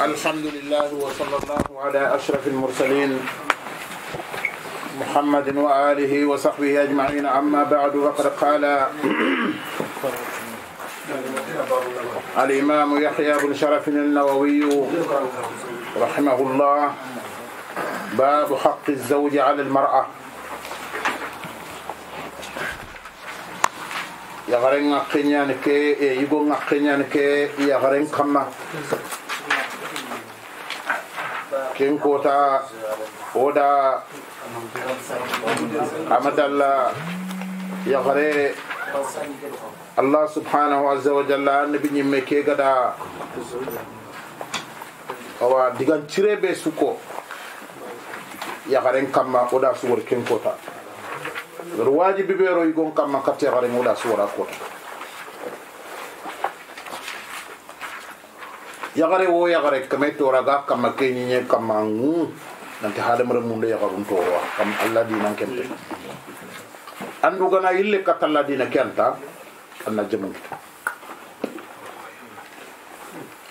الحمد لله وصلى الله على أشرف المرسلين محمد وآله وصحبه أجمعين أما بعد فقد قال الإمام يحيى بن شرف النووي رحمه الله باب حق الزوج على المرأة yagaren ŋakke ñani ke e yigo ŋakke ñani ke yagaren kamma ken kota oda amadalla yagare allah subhanahu azza wa jalla annabi ñimme ke gada awa digan cire be suko yagaren kamma oda suwor ken kota ero wajibi ɓeero yigon kamma kattexaren wala suwara kota yagare wo yagare kame toraga kamma keñiñe kamma ngu nanti hadamare munde yagarun torowa kam allah dinan kempe andugana yille kattalla dina ke anta anna jamungita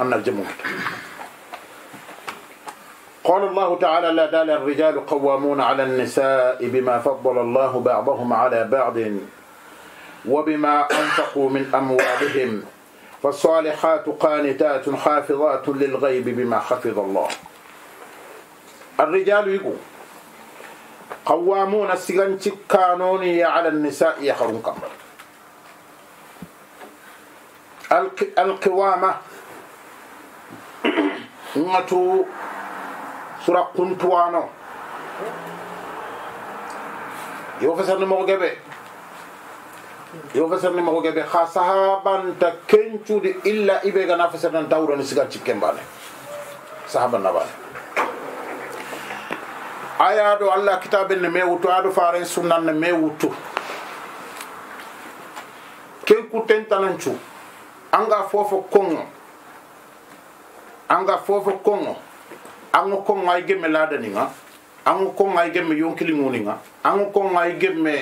anna jamungita قال الله تعالى لا دال الرجال قوامون على النساء بما فضل الله بعضهم على بعض وبما أنفقوا من أموالهم فالصالحات قانتات حافظات للغيب بما حفظ الله الرجال يقول قوامون السجنت كانوني على النساء يخرون قمر القوامة نتو sura kuntuwano yo fesarni mogo geɓe yo fesarni mogo geɓe ha sahabanta kencude illa iɓe gana fesarnan tawurani sigan cikke mbane sahaba nabane aya ɗo allah kitaben ne me wuttu aɗo faren sunnan ne me wuttu ken kuttentanancu anga fofo kongo anga fofo kongo ango ko ngai gemme ladaninga ango ko ngai gemme yonkilinguninga ango ko ngai gemme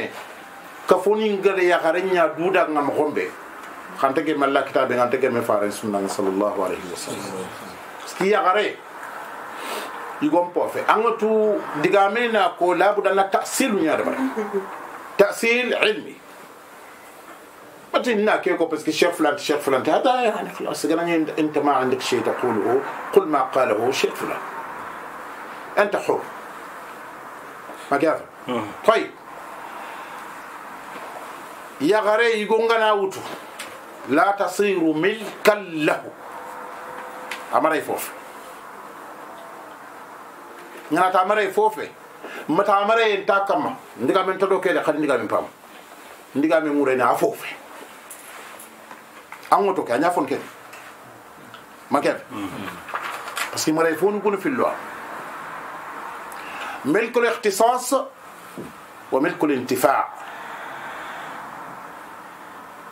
kafoni ngare ya garenya duda ngam gombe khante ke malla kitabe ngante ke me faran sunna sallallahu alaihi wasallam ski ya gare igon pofe ango tu digame na ko labu dana tahsilu nyaade bare tahsil ilmi بتنا كيكو بس شيخ فلان شيخ فلان هذا يعني خلاص انت ما عندك شيء تقوله قل ما قاله شيخ فلان أنت حر مجافة آه. طيب يا غري يقولنا لا تصير ملكا له أمري فوف نانا تامري فوف متى أمري انتا كما ندقى من تدو كده خد ندقى من بام ندقى من مرينا فوف أمو توكي أنا فون كده ما كده بس كي مري فون يكون في اللوار ملك الاختصاص وملك الانتفاع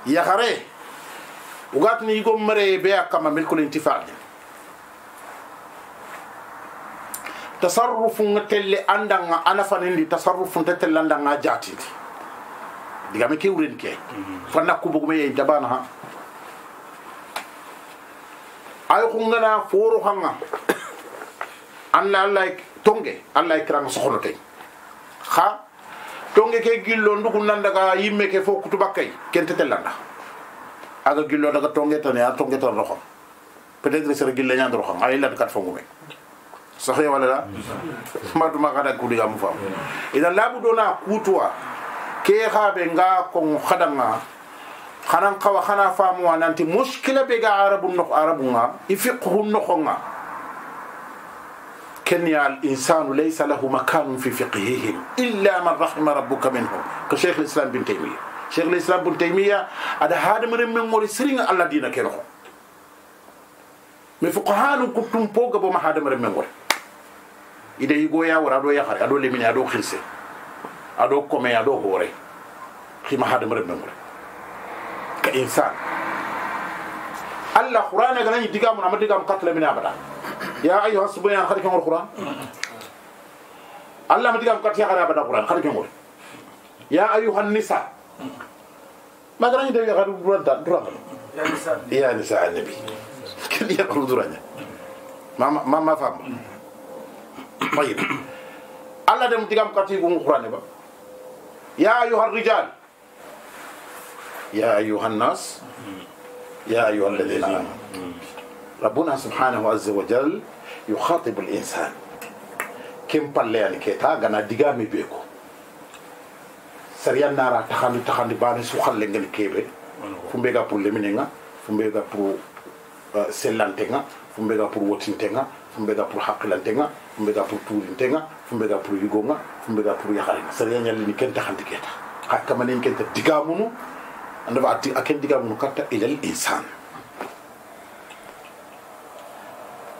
يا يغري وقاتني يقوم مري بيا كما ملك الانتفاع دي. تصرف تل أندعنا أنا فنندي تصرف تل أندعنا جاتي digame ke كي ورين كي kubo كوبو مي jabana ها ay ko ngana foro hanga anna allah tonge allah e kiranga sohono tay ha tonge ke gillo ndugu nandaga yimme ke fo kutu bakkay kente tellanda aga gillo daga tonge tan ya tonge tan roxam peut-être sera gilla ñand roxam ay lad kat fongume saxe wala la matuma kada kudi gam fam ida labu dona kutwa ke xabe nga ko xadanga xanan xawa xana famu nanti muskila be ga arabu nok arabu nga ifiqhu nokonga كني الإنسان ليس له مكان في فقههم إلا من رحم ربك منهم كشيخ الإسلام بن تيمية شيخ الإسلام بن تيمية هذا هذا من من مرسرين الله دينا كنه من فقهان كتم بوجا بما هذا من من مر إذا يا ورادو يا خير أدو لمن أدو خلسة أدو كومي أدو هوري خيما هذا من من مر كإنسان alla qur'ana ganani diga mun amma diga mun katla min abada ya ayyuha subhana khaliqa alquran alla ma diga mun katla khara abada qur'an khaliqa ngol ya ayyuha nisa magana de ga du brada dura ya nisa ya nisa annabi kadi ya quduranya mama mama fam طيب alla dem diga mun katla qur'an ba ya ayyuha الرجال يا أيها الناس يا أيها الذين آمنوا ربنا سبحانه عز وجل يخاطب الإنسان كم بالله كيتا غنا ديغامي بيكو سريان نارا تخاندي تخاندي باني سوخال لنجل كيبه فمبيغا بول لمنينغا فمبيغا بو آه، سلانتينغا فمبيغا بو وتينتينغا فمبيغا بو حقلانتينغا فمبيغا بو تورينتينغا فمبيغا بول يغونغا فمبيغا بول يخالين سريان يالي كنتا خاندي كيتا حكا منين كنتا ديغامونو andaba atti aken digamunu katta ilal insan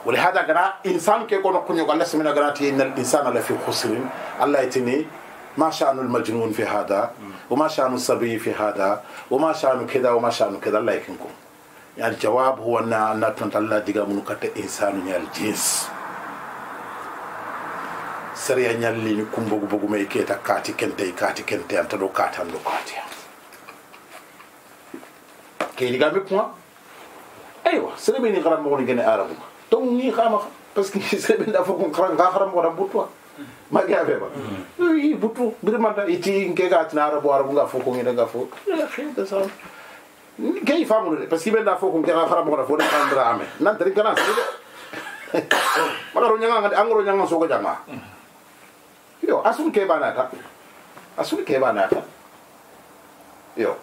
wali hada gana insan ke kono kuñogo allah simina ganati innal insana la fi husrin allah yetini ما شأن المجنون في هذا وما شأن الصبي في هذا وما شأن كذا وما شأن كذا الله يكنكم يعني الجواب هو أن أن تنت الله دقا من كت إنسان من الجنس سريع نيال لي كم بوجو بوجو ما يكيتا كاتي كنتي كاتي كنتي أنت لو كاتي أنت لو كاتي ke diga me kuma aywa sere be ni garam mo ni gene arabu to ni khama parce que sere be da fo ko kran ga garam mo da butwa magi abe ba i butu birmanta iti nke ga tina arabu arabu ga fo ko ngi daga fo khida sa kay famu de parce que be da fo ko ngi ga garam mo da fo da kan dra ame nan tri kana sere magaro nyanga ngade angro nyanga so ko jama yo asun ke banata asun ke banata yo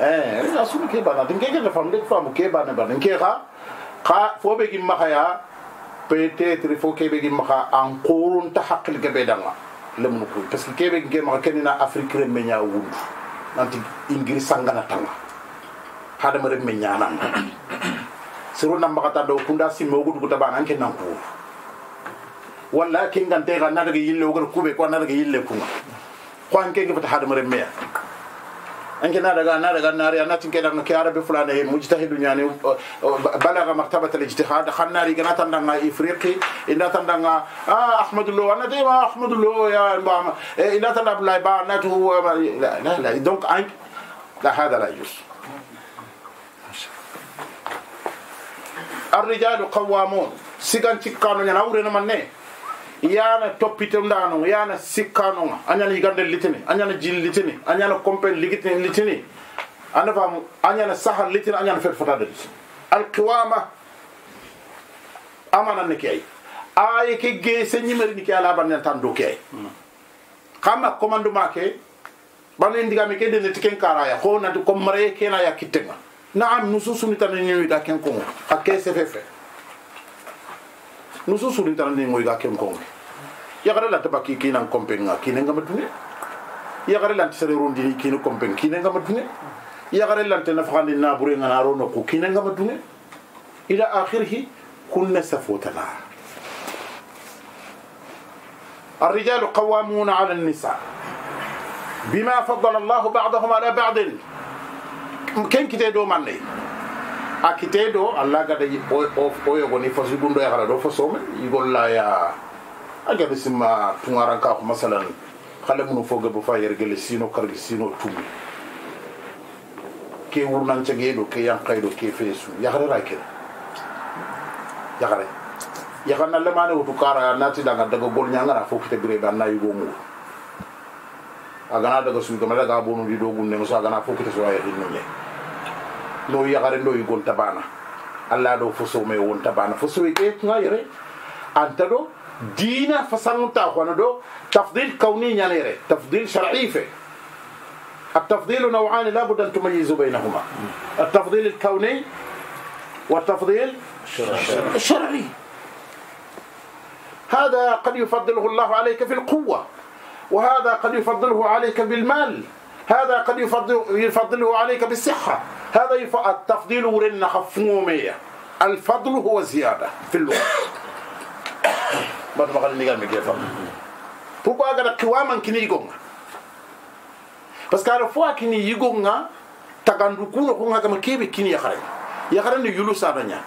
eh na sum ke bana tin ke ke fam de fam ke bana bana ke kha kha fo be gim makha ya peut-être fo ke be gim makha an qurun ta haqqil ke be danga le mun ko parce que ke be gim makha kenina afrique re menya wundu nanti ingri sangana tanga hada mare menya nan suru nam makata do kunda simme ogudu ko tabana an ke nan ko walla ke ngante ga nadaga yille ogar kube ko nadaga yille kuma ko an ke ke fata hada mare meya انك نارغا نارغا ناري انا تنكي لك يا ربي فلان هي مجتهد يعني بلغ مرتبه الاجتهاد خنا ريغنا تندنا افريقي ان تندنا اه احمد الله انا ديما احمد الله يا بام ان تندنا عبد الله بانته لا لا لا دونك لا هذا لا يجوز الرجال قوامون سيغان تيكانو ناورنا مني yana toppitendanoga yana sikkanoga añana yigande litini añana jil litini añana compen ligitini litini anda famu añana saha litini añana fet fotade litini alqiwama amananne ke ay aye ke gey se ñimerini ke ala banñan tan dow ke ay xamma commandement ke ɓane ndigame ke deneti ken karaya xo nati comme maraye kena ya kittega naam nususunitana ñoyida ken kongo xa ke sefe fe nususunitana nengoyida ken kongo yagare lanta baki kinan kompen nga kine ngama dune yagare lanta sere rondini kine kompen kine ngama dune yagare lanta nafakandi nabure nga naro noku kine ngama dune ila akhirhi kunna safotana الرجال قوامون على النساء بما فضل الله بعضهم على بعض كن كتي دو ماني الله غدا يقول لا يا aga be simma tungaran ka ko masalan kala mun fo gabo fa yergele sino kargi sino tumi ke wurnan cege do ke yan kaydo ke fesu ya hare ra ke ya hare ya kana le mane utu kara na ti daga daga gol nyanga fo kite bire dan na yugo mu agana daga su gama daga bonu di dogun ne musa agana fo kite so ya hinno ne no ya hare do yugo tabana alla do fo so me won tabana fo so ke nga yere anta do دينا fasalunta تاخوانا دو تفضيل كوني ñanere تفضيل shar'i التفضيل نوعان لا بد أن تميزوا بينهما التفضيل الكوني والتفضيل الشرعي هذا قد يفضله الله عليك في القوة وهذا قد يفضله عليك بالمال هذا قد يفضل يفضله عليك بالصحة هذا التفضيل ورن خفومية الفضل هو زيادة في اللغة batu makal liga mi gefa pourquoi gara kiwaman kini yigonga parce que ara fois kini yigonga tagandu kuno ko ngagama kebe kini yakare yakare ne yulu sabanya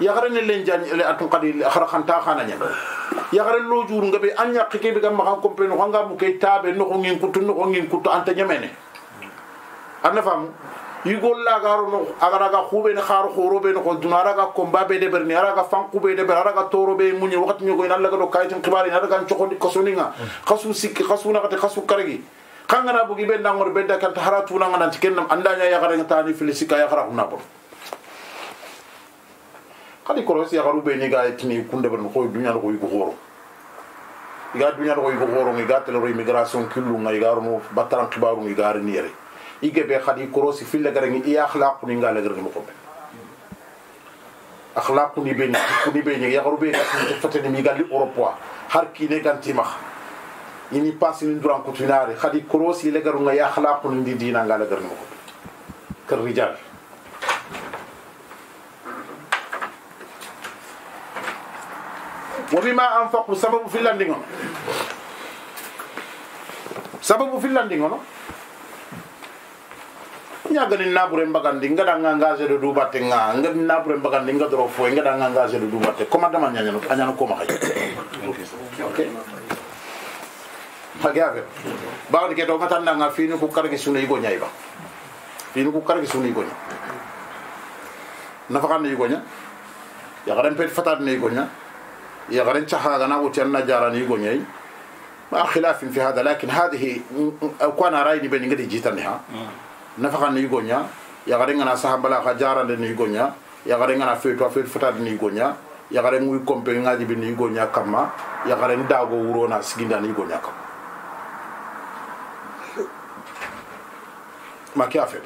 yakare ne lenjan le atun qadi akhra khanta khana nya yakare lo juru ngabe anya kebe gam ma kompreno ngam ko tabe no ngin kutu no ngin kutu anta nyamene anna famu igolla garono agaraga xuɓene xaaro xoroɓene xo duna araga comba be deɓer ni araga fanquɓe deɓer araga toroɓe muñi waxati ñogoyna allaga do kayitin xibar in aragan coxondi kasoninga xasu sikki xasu naxate xasu kargi xangana bugi ɓe ndangor ɓe dakanta hara tunanga nanti ken nam andaña yaxarantani fili sikka yaxara xuna bon xadi koros yaxaru ɓe niga tini kundeɓerno xoy duñano xo yigu xooro iga duñano xo yigu xoorong iga telero immigration killunga igarono battaran xibarung igarini yere igebe khadi korosi fil lagarangi iya akhlaqu ni ngala garangi mokobe akhlaqu ni be ni kuni be ni yagaru be ni fatani mi galli europoa har kine ganti ma ini pasi ni duran kutinare khadi korosi lagaru nga ya akhlaqu ni dina ngala garangi mokobe kar rijal وبما أنفقوا سبب في اللاندينغ سبب في اللاندينغ ñagani naɓure mbagandi ngaɗanga engagé de dubatte nga ngadi naɓure mbagandi nga doro foye ngaɗanga engagé de dubatte commandement ñañano a ñano koma xay xage a fet bawani ke to ngatannanga fini ku karge suna yigo ñay ba fini ku karge suna yigo ña nafaxanne yigo ña yaxaren pet fatadne yigo ña yaxaren caxagana wutiyanna jarani yigo ñay مع خلاف في هذا لكن هذه كان رايني بين قد جيتنها nafaxan ni ya gare ngana saxambala jaran de ni ya gare ngana to fe fata de ni gare ngui kompe compe bi ni yigoña kamma yaxaren daago wurona siginda ni yigoña kam ma ke a fet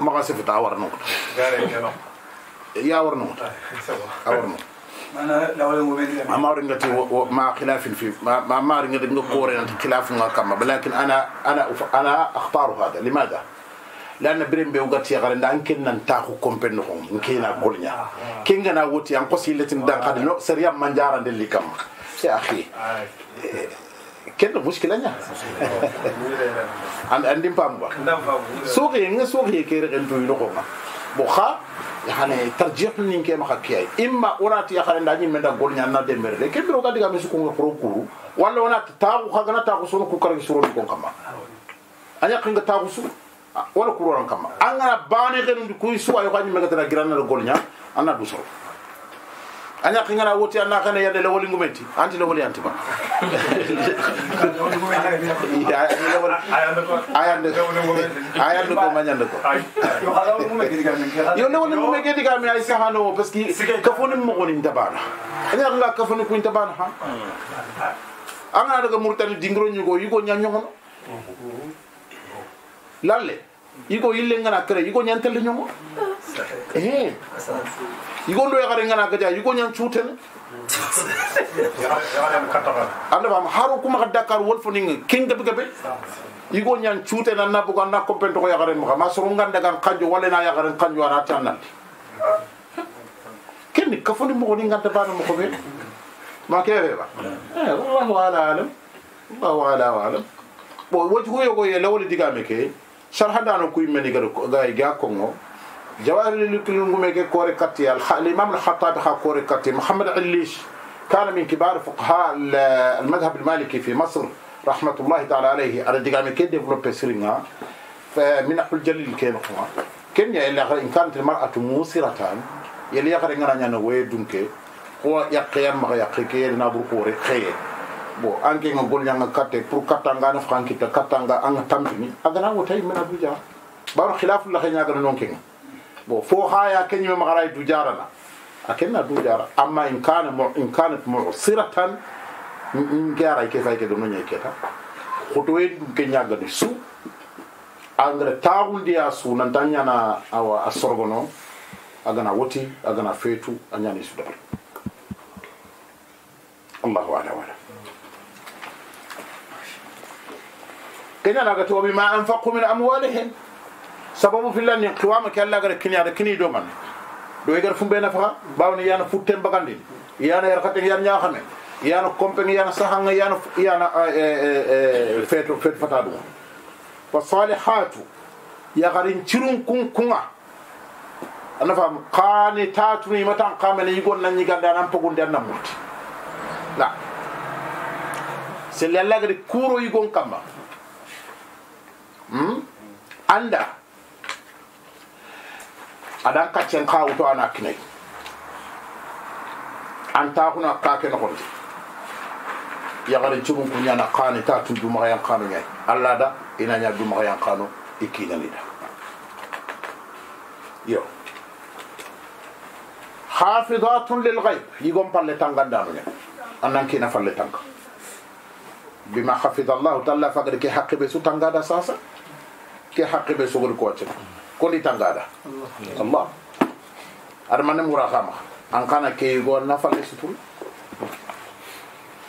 maxa war no gare ya war no ta ah, war no انا أقول مع خلاف في ما أنا نقورن يعني خلاف ما كما انا انا انا اختار هذا لماذا؟ لأن بريم بيوغات يا أنا أن كنا نتاخو أنا نخون نكينا كولنيا انا آه. أنا أن قصي لتن دان قد نو سريا منجارا دلي كم يا أخي آه. كنا مشكلة نيا عن عندي أنا سوقي إنه سوقي كير قلتو ينقونا بخا yahane tarjih nin ke maka kiyai imma onati yahane ndani menda gol nyanna de merde ke biro kadiga misu ko ko kuru walla onati tagu khagana tagu sunu ku karagi suru ko kama anya kinga tagu su wala kuru ran kama angana bane ke ndu ku suwa yo kanyi mega tara giranna gol nya anna du soro anya kingana woti anna kana yadde le woli ngumeti anti le woli anti ba ayande ayande ko manyande ko yo le woli ngumeti diga mi ay sahano parce que kafoni mo goni tabana anya la kafoni ko tabana ha anga daga murtani dingro nyugo yugo nyanyo hono lalle yugo yille ngana kare yugo nyantel nyongo eh yigondo yagare ngana gaja yigo ñan cuutene anda fam haro kuma ka dakar wolfo ning king gabe gabe yigo ñan cuutene anna bugo anna compento ko yagare mo ma soro nganda gan kanjo wala na yagare kanjo ara tanna kenni kafundi mo ni nganda bana mo ko be ma kebe ba eh wallahu ala alam wallahu ala alam bo wajhu yogo ye lawli digame ke sarhadano kuy meni gado ga ga kongo جواهر الكلون يجي كوري كاتي الإمام الخطابي خا كوري كتي محمد عليش كان من كبار فقهاء المذهب المالكي في مصر رحمة الله تعالى عليه على دعامة كده ديفلوبي سرينا فمن أقول جليل كين هو كم يا إلا إن كانت المرأة موسرة يلي إن أنا نوي دونكي قوة يقيا مغا يقيكي نابو كوري خير bon anke nga gol nyanga katte pour katanga na franki ta katanga anga tambini agana wotai mena buja baro khilafu la khanya ga non bon fo haya keñume maxaray du jarana a kenna du jara amma in kana in kanat musiratan nke aray ke fay ke do noñe keta xutu wen dum ke ñagani su engrais taxundi a su nanta ñana awa a sorgono a gana woti a gana feetu a ñani sudar allahu ala wala keñanaga to wabima anfaqu min amwalihim sababu fillan ni qiwama ke Allah gara kini ada kini do man do igar fumbe na fa bawni yana futten bagandi yana yar khaten yana nya xame yana kompen yana sahanga yana yana fetu fetu fatadu wa salihatu ya garin cirun kun kunga ana fam qani tatuni matan qamene yigon nan yi ganda nan pogun den nan mutti na sel Allah gara kuro yigon kamba hmm anda adan kaccen ka wuto ana kinai an ta kuna ka ke na kwanje ya garin cibin kunya na kani ta tun duma yan kano yai allah da ina ya duma yan kano ikina ne da yo hafidatun lil ghaib yigon palle tanganda no ne annan kina falle tanga bima hafidallahu ta'ala fagare ke haqqe be su tangada sasa ke haqqe be su gol ko koli tangada allah armane murahama angkana an kana ke yugo nafale sutur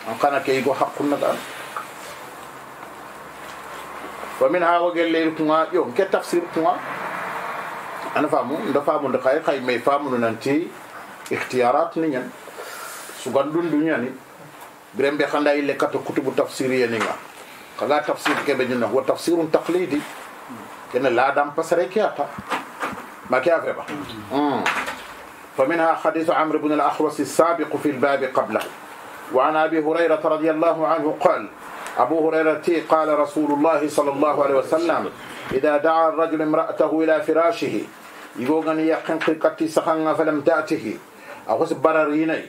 Angkana kana ke yugo hakkunna da wa min ha wage leer kunga yo ke tafsir kunga ana famu nda famu nda kay kay may famu nanti ikhtiyarat ni nyen sugandun du ni grembe khanda ile kato kutubu tafsiri ya ni nga kala tafsir ke be nyina wa tafsirun taqlidi kene ladan pasare ke apa ما كيف يبقى فمنها حديث عمرو بن الأخوص السابق في الباب قبله وعن أبي هريرة رضي الله عنه قال أبو هريرة قال رسول الله صلى الله عليه وسلم إذا دعا الرجل امرأته إلى فراشه يقول يقن قلقتي سخن فلم تأته أو برريني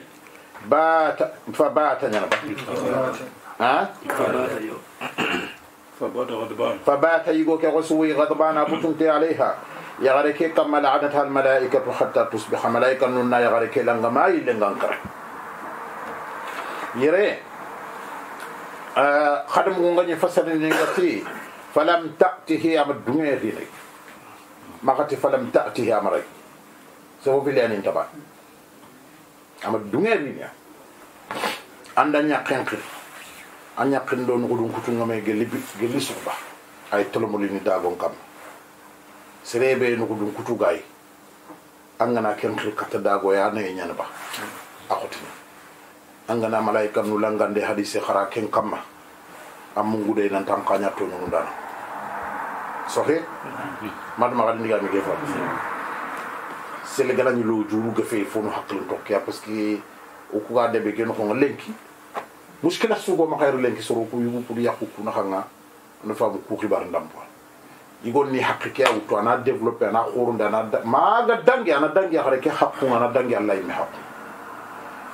بات فبات نربا ها؟ فبات غضبان كغسوي غضبان أبو تنتي أبوتنت عليها يغرك كما إيه لعنتها الملائكة حتى تصبح ملائكة نونا يغرك إيه لنغما يلنغنقر يري آه، خدم غني فسر نغتي فلم تأته أم الدنيا ذي ما قتي فلم تأته أمري سوف في لأنين تبع أم الدنيا ذي عندنا قنقر anya kendo no nogo kutu kutungame gelli gelli sohba ay tolomolini dagon kam serebe no ɗum kutu gay angana ken xir kata dago ya ne nyana ba akoti angana malaika no langande hadise ya khara ken kamma a mungude nantan xaña toñunu dana soxe madama xadi ndiga mige fa sele galani lo juuru fo no ya, parce que o kuga debe ken ko lenki muskila sugo ma khairu len ki soro ko yugo pour yakku kuna khanga no famu ku khibar ndampo igon ni haqqi ya wuto ana developper ana khurunda ana ma ga dangi ana dangi khare ke haqqu ana dangi allah mi haqqu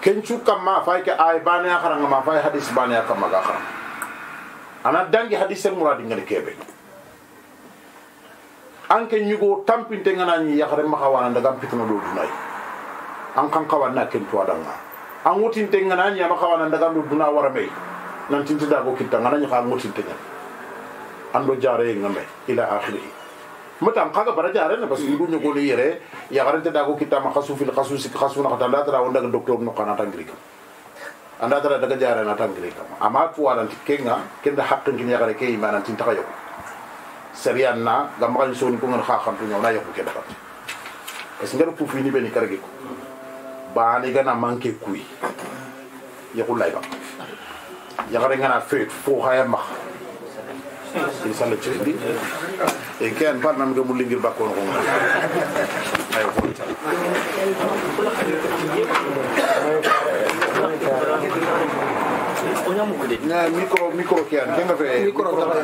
ken chu kam ma fa ke ay bani akhara ma fa hadis bani akhara ma akhara ana dangi hadis el muradi ngene kebe anke nyugo tampinte ngana ni yakhare ma khawana daga pitno do dunai an kan kawana ken to adanga Angutin ngana ñama xawana ndagandu duna wara may da go kitta ngana ñaxa angutinte ngana ando jare nga may ila akhiri matan kaga bara jare na basu que du ñugo li yere ya garante dago kitta ma khasu fil khasu sik khasu na khata wanda doktor no kana tangri kam anda tara daga jare na tangri kam ama tu wala tikenga kenda hakkin kin ya gare ke imana tin yo serian na gamma kan soni kha tu ñawna ke daga es fini be ni karge baane gana manke kuy yakulay ba yagare ngana fet fo haya ma in sala chidi e ken par nam ga mulingir bakko no ngona ay ko ta onya mo de na micro micro kian kenga fe micro ta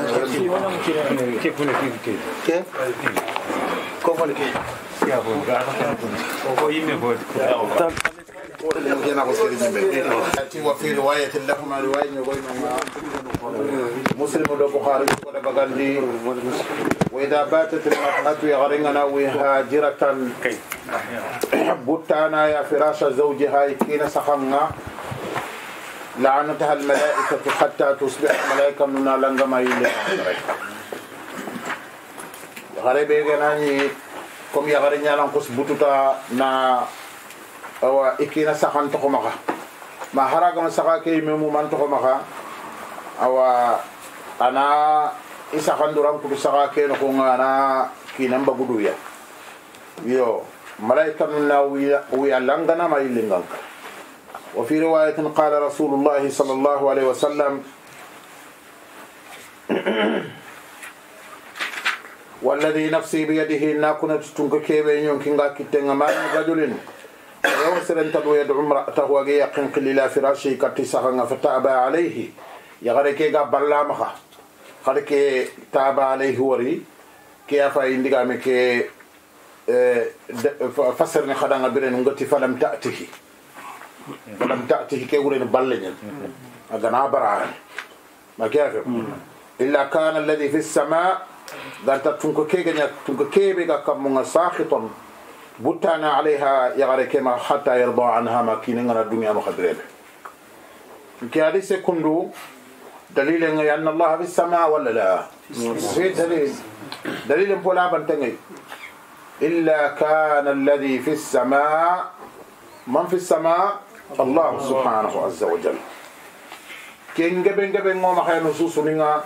ke ke ke ko ko ke وفي رواية لهما رواية وبينهما مسلم والبخاري والبغلي وإذا باتت المرأة يغرننا وهاجرة بتانا يا فراش زوجها كين سخنا لعنتها الملائكة حتى تصبح الملائكة من لنغما يلي غريبة غناني comme yagare ñanankos bututa na awa ikina sahan toxomaxa ma haragama saxa ke yime muman toxomaxa awa ana i saxanduran kutu saxa ke noxunga ana kina mbaguduya yo malaika nu na wiyalangana ma yillinganka wa fi riwayatin qala rasulullahi sal allahu alayhi wa sallam والذي نفسي بيده إنا كنت تنك كيبين ينكينا كتنغ ما رجل يوسر أن تدو يدعو امرأته ويقن للا فراشي كتسخن فتعبى عليه يغريكي غاب مخا خركي تعبى عليه وري كيافا إندقا مكي آه، فسرني خدانا برين نغتي فلم تأتيه فلم تأتيه كي ورين بلنين أغنى برعان ما كيافا إلا كان الذي في السماء دارتا تونكو كيغنيا تونكو تنكو كيبغا كمونغا ساخطون بوتانا عليها يغاري كما حتى يرضى عنها ما كينغنا الدنيا مخدريبه كي هذه سكندو دليل أن الله في السماء ولا لا في دليل دليل بولا بنتني إلا كان الذي في السماء من في السماء الله سبحانه عز وجل كين جبن جبن ما خير نصوص لنا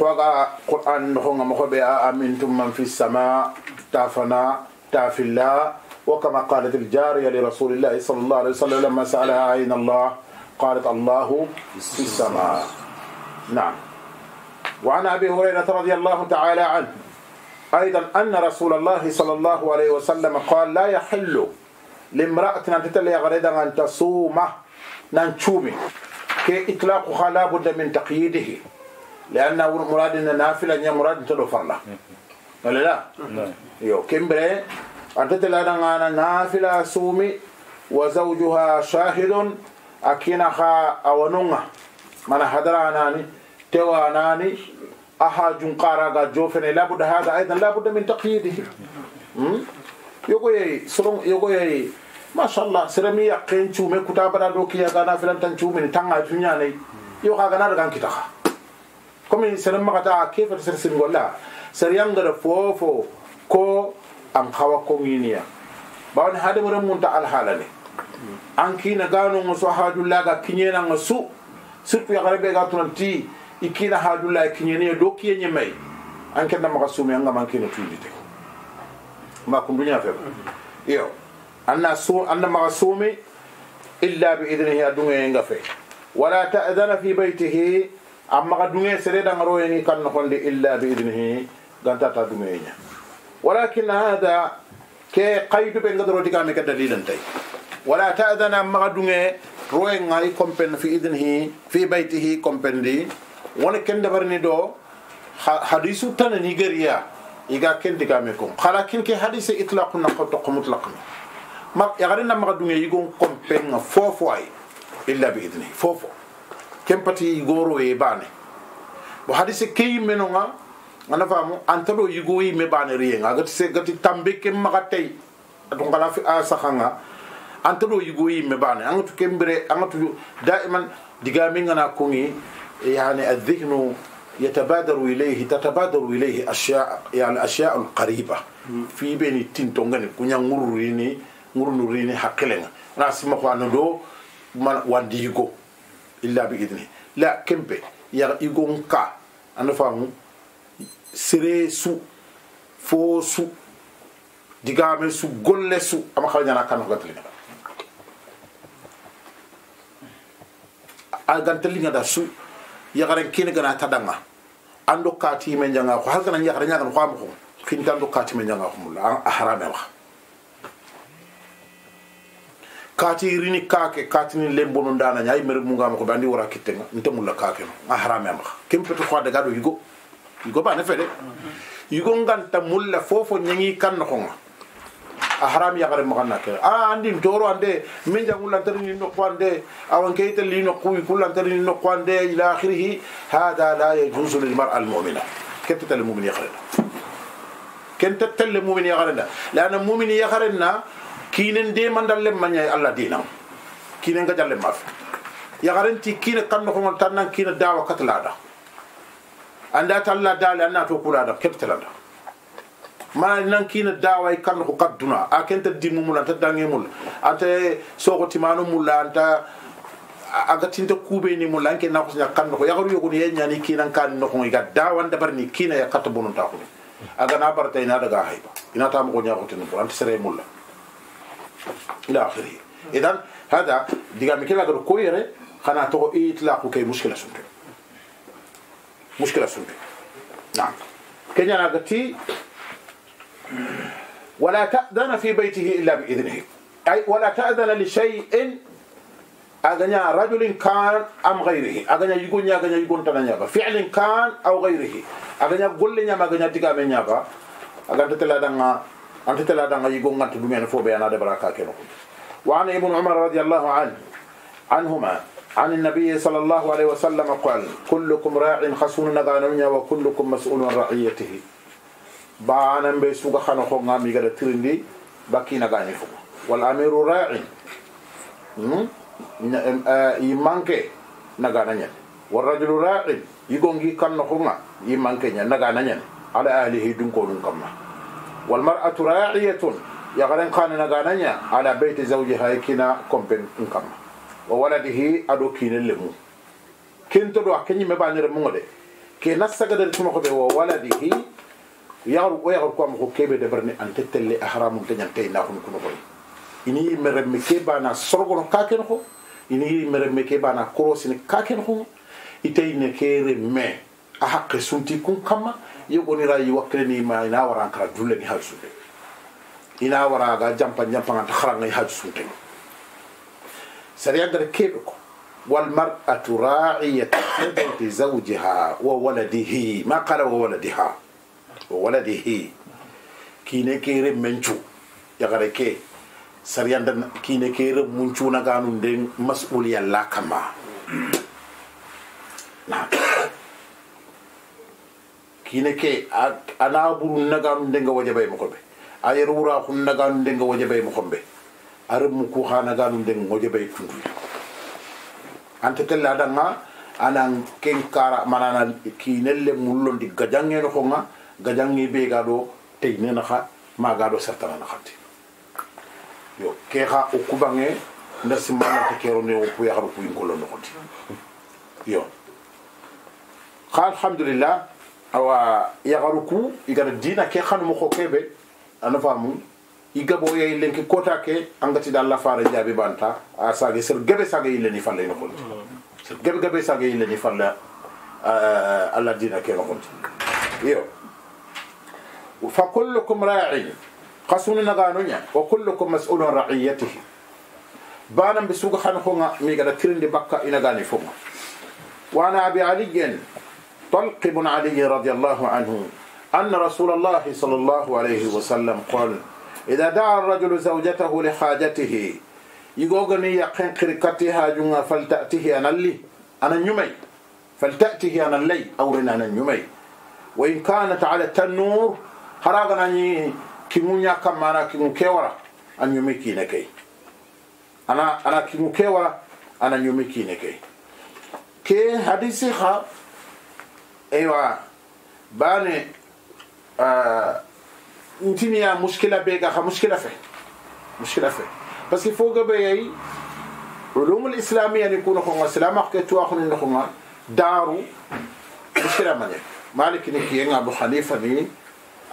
koga qur'an honga mo be amintum man fis sama tafana tafilla وكما قالت الجارية لرسول الله صلى الله عليه وسلم لما سألها أين الله قالت الله في السماء نعم وعن أبي هريرة رضي الله تعالى عنه أيضا أن رسول الله صلى الله عليه وسلم قال لا يحل لامرأة أن تتلي غريدا أن تصوم ننشومي كي إطلاقها لابد من تقييده لأن مراد إن نافلة يا مراد تلو فرلا ولا لا يو كمبرة أنت تلا أنا نافلة سومي وزوجها شاهد أكينا خا أو نونا من هذا أناني توا أناني أها جنقارا جوفن لابد هذا أيضا لابد من تقييده يقول يي سرون يقول يي ما شاء الله سلمي يقين شو مكتابنا دوكي يا غانا فلان تنشو من تانع الدنيا ني يو غانا رغان كتاخ comme sere magata kefer sere singolla sere yangara fofo ko an hawa konginiya bawani hadamaren munta alhala ne an kina gano ngo so hajulla ga kinyena ngo su surtout ya garbe ga tunanti ikina hajulla kinyene do kiyenye mai an kenna maka sumi an ga man kina tudite ma kun dunya fe yo anna su anna maka sumi illa bi idnihi adunga yenga fe wala ta'dana fi baytihi amma ga dunge sere da ngaro yani kan honde illa bi idnihi ganta ta dunge nya walakin hada ke qaydu be ngadro diga me kadda dilan tay wala ta'dana amma ga dunge roe ngari kompen fi idnihi fi baytihi kompendi woni kende barni do hadisu tan ni gariya iga kende ga me ko khalakin ke hadise itlaqu na qatu mutlaq ma yagarina ma ga dunge yigon kompen fofo ay illa bi idnihi fofo kempati goro e bane bo hadise kee meno nga ana famu antalo yugo yi e me bane riye nga gati se gati tambe kem magatay adon gala fi a saxanga antalo yugo yi e me bane anga to kembere anga to daiman diga min nga na kongi yani adhihnu yatabadaru ilayhi tatabadaru ilayhi ashya yani ashya al fi beni tinto ngani kunya hakelenga nasima ko man wandi إلا بإذنه لا كمبي يقوم كا أنا فاهم سريسو فوسو ديغامي سو غولي سو أما خرجنا أنا كان غاتلي نغا أغانتلي نغا سو يغرن كين غنا تدانا أندو كاتي من جانا خو هل كان يغرن يغرن خو أمخو كين تندو كاتي من جانا خو ملا أحرامي وخو kati rini kake kati ni lembo no dana nyaay mere mu ngam ko bandi wora kittenga ntemu la kake no a harame am kem petu ko de gado yugo yugo ba ne fede yugo nganta mulla fofo nyangi kan no nga a haram ya gare magana ke a andi doro ande min jangu lan tarini no ande awan kayta li no kuy kullan tarini no ande ila akhirih hada la yajuzu lil mar'a al mu'mina kete tal mu'min ya gare kente tal mu'min ya gare la ana mu'min ya gare na kinen de mandalle manya alla dina kinen ga dalle maf ya garanti kine kanno ko tannan kine dawa katlada anda talla dale anna to kulada keptelada ma nan kine dawa kanno ko kadduna a kenta dimu mulan ta dange mul anta soko timanu mulan anta aga tinta kube ni mulan ke na ko nya kanno ko ya garu yogo ni yenya ni kinan kanno ko ga dawa ndabar ni kine ya katabunun ta ko aga na barta ina daga haiba ina ta mo nya ko tinu anta sere mulan الى اخره اذا هذا ديغامي كلا غرو كويري خنا تو اطلاق كي مشكله سنتي مشكله سنتي نعم كنيا نغتي ولا تأذن في بيته إلا بإذنه أي ولا تأذن لشيء أغنى رجل كان أم غيره يكون يا أغنى يكون تنيا فعل كان أو غيره أغنى قل لي ما أغنى تقام نيابا أغنى تتلا أنت تلا دعنا يقوم أنت دمية فوق بيانا دبرك كنو وعن ابن عمر رضي الله عنه عنهما عن النبي صلى الله عليه وسلم قال كلكم راع خصون نغانونيا وكلكم مسؤول عن رعيته بعنا بسوغا خانو خونغا ميغا ترندي باكي نغاني فوق والامير راع آه، يمانكي نغانانيا والرجل راع يغونغي كان خونغا يمانكي نغانانيا على اهله دونكو دونكما والمرأة راعية يغرن كان نغانيا على بيت زوجها كنا كومبن انكم وولده ادو كين لمو كنت دو كني مبانير مودي كنا سغدر كما كو وولده يغر ويغر كوم خو كيبي دبرني ان تتلي احرام تنين تينا ناخن كو نوي ini مرمي ke bana sorgono kaken ko ini meremme ke bana korosini kaken ko itay ne kere me a haqqe yogonira yiwakkileni ma ina wara ankara dulleni haaju sunten ina wara ga jampa jampaganta haranga i haaju sunten saria gara keɓe ko walmar'atu ra'iyatu fi bayti zawjiha wa waladihi ma qala wa waladiha wa waladihi kine kere mencu yagare ke sariyanda kine kere muncu na ganun den mas'uliyalla kama na kine ke ana buru nagaanu ndenga waja bay mokobe ayer wura hun nagaanu ndenga waja bay mokobe are mu ku ha nagaanu ndenga waja bay tundu ante tel la danga anan ken kara manana kine le mullon di gajange no ko nga gajange be ga do tey ne na ha ma ga do certain na khati yo ke ha o kubange ndasi manan te kero ne o puya ha ko yinkolo no khati yo alhamdulillah awa yagaruku igara dina ke xanu mo kebe ana famu iga bo yey lenki kota ke angati dalla fara jabi banta a sage ser gebe sage ile ni falle no kon ser gebe gebe sage ile ni falle alla dina ke no kon yo fa kullukum ra'in qasunu nagano nya wa kullukum mas'ulun ra'iyatihi banam bisuga xan xonga mi gada tirindi bakka ina gani wa ana abi aliyen طلق بن علي رضي الله عنه أن رسول الله صلى الله عليه وسلم قال إذا دعا الرجل زوجته لحاجته يقولني يقين قركتها جنة فلتأته أنا لي أنا نيمي فلتأته أنا لي أو أنا نيمي وإن كانت على التنور أني كمونيا كما أنا كيمو أن يمي كينكي أنا أنا كيمو أنا يمي كينكي كي حديثي خا ايوا باني آه نتينيا مشكله بيغا مشكله فيه مشكله فيه بس فوق اي علوم الاسلاميه يعني يكون خو السلام اخكتو اخو نخو يعني دارو مشكله مالك مالك نكي ابو حنيفه ني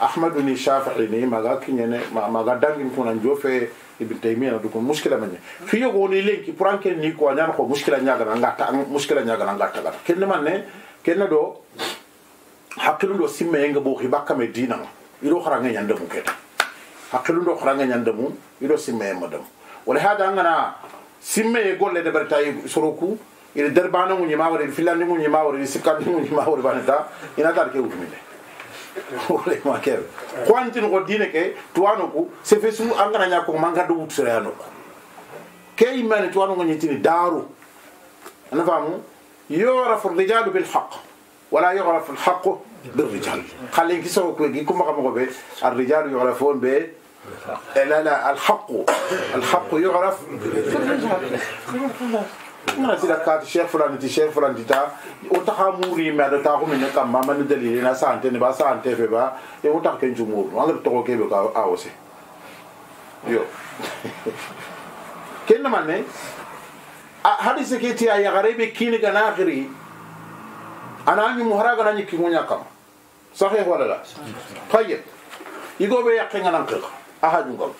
احمد بن شافعي ني يعني ما ني ما غا دانغين كون نجوفه ibn taymiya du ko muskila manya fi yogo ni lenki pranke ni ko nyana ko muskila nyaga nga ta kenna do hakkilundo simme yenga ɓooki bakkame dinanga iɗo haranga ñandemu keta hakkilundo haranga ñandemu iɗo simme yemma demu wala hada angana simme ye golle de barta soroku ina derbanangu ñima wara ina fillandigu ñima wara ina sikkandigu ñima wara banata ina tar ke wutuminde walema keɓe koantin ko diine ke tuwanoku sefe su angana ñakoko mangado wutu sereyanoku ke yimmani tuwanogo ñintini daaru ana faamu يعرف الرجال بالحق ولا يعرف الحق بالرجال خليك سوكو يكون ما الرجال يعرفون به لا لا الحق الحق يعرف بالرجال نرسل كات شيخ فلان دي شيخ فلان دي تا وتخا موري ما دا تاخو من كام ما من دليل انا سانت ني با سانت في با اي وتخ كان جمهور ما غير توكو كيبو اوسي يو كين ما ني hadi seketi ya yagarebe kini gana akhiri anani muharaga nani kimonya kama sahih wala la tayyib igobe yaqinga nan qiqa ahadun qawm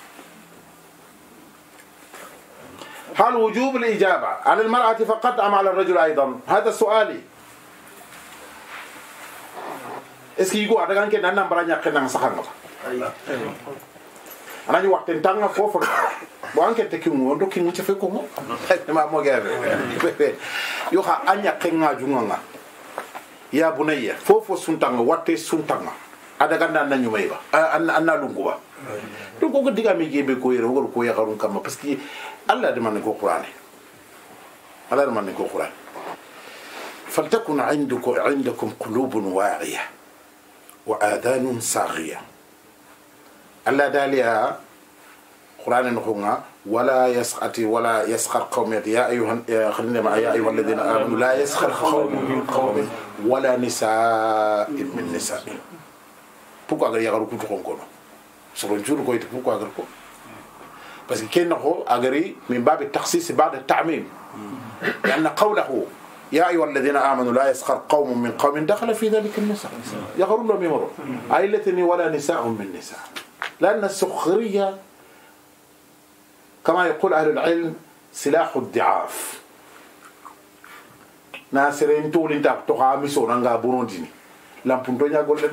هل وجوب الإجابة على المرأة فقط أم على الرجل أيضا هذا سؤالي eski yigo ada kan ke nan nan baranya kenan sahan ba ana ni waktin tanga fofo bo enquête ki mo do ki mo ci fe ko mo ma mo gabe yo ha anya kenga junganga ya bunayya fofo suntanga watte suntanga ada ganda na nyuma iba anna lungu ba to ko diga mi gebe ko yero ko ko ya garun kama parce que Allah de man ko qur'ani Allah de man ko qur'ani faltakun عندكم عندكم قلوب واعيه واذان صاغيه الله داليا القران نخونا ولا يسخر ولا يسخر قوم يا أيها خلينا مع يا أيها الذين آمنوا لا يسخر قوم من قوم ولا نساء من نساء بوكو agar yagaru kutu konkono soron juru ko itu pourquoi agar ko parce que kenna ko agari min babi takhsis ba'da ta'mim لأن قوله يا أيها الذين آمنوا لا يسخر قوم من قوم دخل في ذلك النساء يغرون لهم يمرون أي ولا نساء من نساء لأن السخرية كما يقول أهل العلم سلاح الضعاف نا سيرين تول انت توخا ميسو نانغا نعم بوروندين لام بونتو نيا نعم غول ديت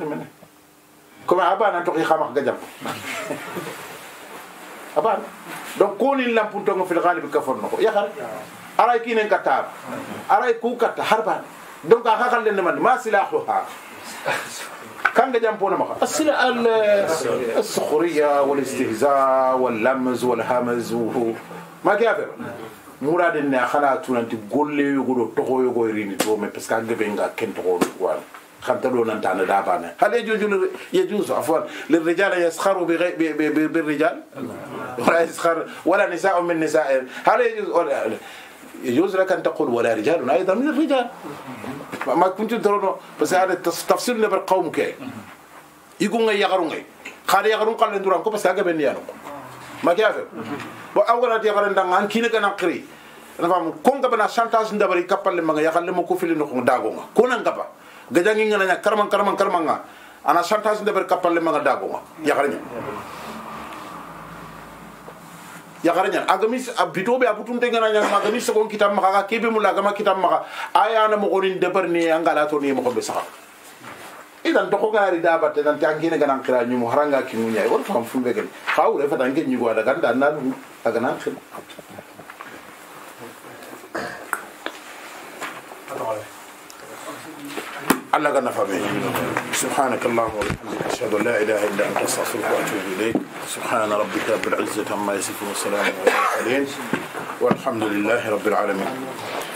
كما ابا نان توخي خامخ غاجام ابا كون لام بونتو في الغالب كفر نكو يا خار اراي كي نين كتاب اراي كو كات هربان دونك اخا خال لين ما سلاحها كان جنب ولا السلع السخرية والاستهزاء واللمز والهمز وهو ما كافر مراد إن خلا تونت لي يقولوا تقول يقول تقول توم بس كان جبينغا كن تقول قال خمتلو ننتعنا دابانا هل يجوز يجوز عفوا للرجال يسخروا بالرجال ولا يسخر ولا نساء من نساء هل يجوز يجوز لك أن تقول ولا رجال أيضا من الرجال ما كنت ترونه بس هذا التفسير نبر قوم كي يقول غي يغرون غي خاري يغرون قال ندوران كو بس هاكا أنا يانو ما كيف بو اوغلا دي يغرن دان أنا كينا كان قري انا فاهم كون كبنا شانتاج ندبر كابال ما يغال ما كوفي لنو كون داغون كون انغبا غدانغي نانا كرمان كرمان كرمان انا شانتاج ندبر كابال ما داغون يغرن yagara ñan agami bitoɓe a butunte ngana ñan agami segon kitan maxa ka keɓe mula agama kitan maxa a yana moxonin départ ne a ngala to ne moxoɓe saxa idan toko gari da batte dan tan kine ganan kira nyu haranga kinunya e wor fam fumbe gen xawre fatan gen nyugo daga dan na daga nan xil الله سبحانك اللهم وبحمدك أشهد أن لا إله إلا أنت أستغفرك وأتوب إليك سبحان ربك رب العزة عما يصفون وسلام على المرسلين والحمد لله رب العالمين